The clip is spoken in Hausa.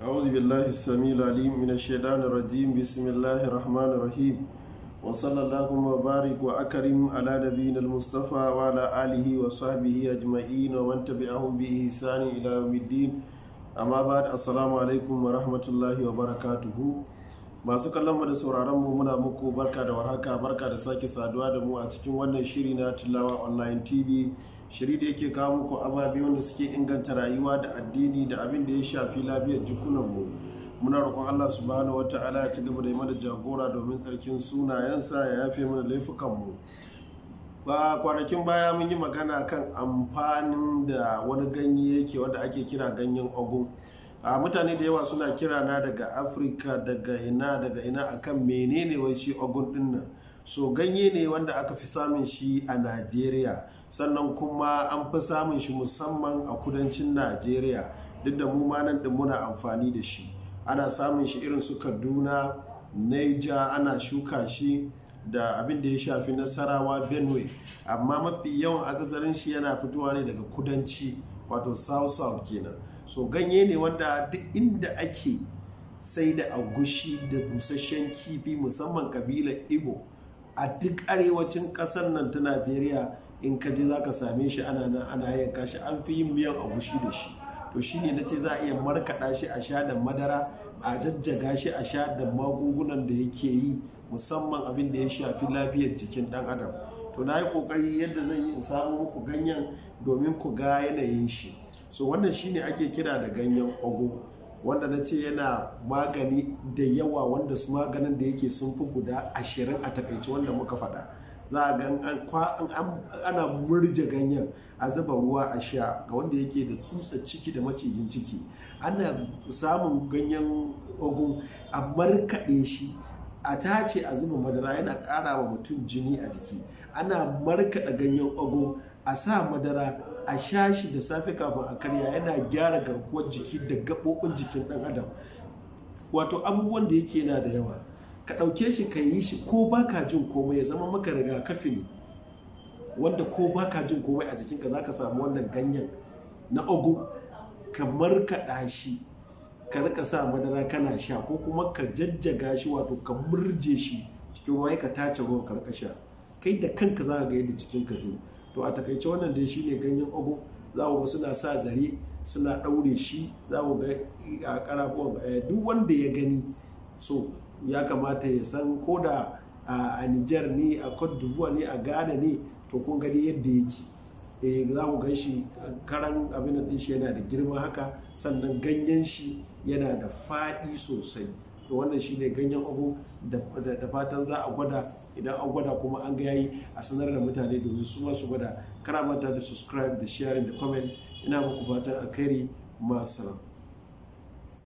أعوذ بالله السميع العليم من الشيطان الرجيم بسم الله الرحمن الرحيم وصلى الله وبارك وأكرم على نبينا المصطفى وعلى آله وصحبه أجمعين ومن تبعهم بإحسان إلى يوم الدين أما بعد السلام عليكم ورحمة الله وبركاته masu kallon mu da sauraron mu muna muku barka da warhaka barka da sake saduwa da mu a cikin wannan shiri na tilawa online tv shiri da yake kawo muku ababe wanda suke inganta rayuwa da addini da abin da ya shafi lafiyar jikunan mu muna roƙon allah subhanahu wa ta'ala ya ci gaba da yi mana jagora domin tsarkin sunayensa ya yafe mana laifukan mu ba kwanakin baya mun yi magana kan amfanin da wani ganye yake wanda ake kira ganyen ogun a mutane da yawa suna kira na daga afirka daga hina daga hina akan menene wai shi ogun dinnan so ganye ne wanda aka fi samun shi a najeriya sannan kuma an fi samun shi musamman a kudancin najeriya duk da mu nan da muna amfani da shi ana samun shi irin su kaduna naija ana shuka shi da abin da ya shafi nasarawa benue amma mafi yawan akasarin shi yana fitowa ne daga kudanci wato south south kenan so ganye ne wanda duk inda ake sai da agushi da busasshen kifi musamman kabilar igbo a duk arewacin ƙasar nan ta najeriya in ka je za ka same shi ana nan ana yanka shi an fi yin miyan agushi da shi to shi ne na ce za a iya markaɗa shi a sha da madara a jajjaga shi a sha da magungunan da yake yi musamman abin da ya shafi lafiyar jikin ɗan adam to na yi kokari yadda zan yi in samu muku ganyen domin ku ga yanayin shi so wannan shine ake kira da ganyen ogu wanda na ce yana magani da yawa wanda su maganin da yake sun fi guda ashirin a takaici wanda muka faɗa za a gan ana murje ganyen a zuba ruwa a sha ga wanda yake da tsutsa ciki da macijin ciki ana samun ganyen ogun a markaɗe shi a tace a zuba madara yana ƙara wa mutum jini a jiki ana markaɗa ganyen ogun a sa madara a sha shi da safe kafin a karya yana gyara garkuwar jiki da gaɓoɓin jikin ɗan adam wato abubuwan da yake yana da yawa ka ɗauke shi ka yi shi ko ba ka jin komai ya zama maka rigakafi ne wanda ko ba ka jin komai a jikinka za ka samu wannan ganyen na ogun ka markaɗa shi ka rika sa madara kana sha ko kuma ka jajjaga shi wato ka murje shi cikin ruwa ka tace ruwan ka rika sha kai da kanka za ka ga yadda cikin ka zai to a takaice wannan dai shine ganyen ogu za ku suna sa zare suna daure shi za ku ga a ƙarafuwan eh, duk wanda ya gani so ya kamata ya san koda a niger ne a Cote d'Ivoire ne a Ghana ne to kun gani yadda yake Eh, za ku gan shi karan abin da shi yana da girma haka sannan ganyen shi yana da faɗi sosai to wannan shine ganyen abu da fatan za a gwada idan an gwada kuma an ga yayi a sanar da mutane domin su ma su gwada karamanta da subscribe da sharing da comment ina muku fatan alkhairi masu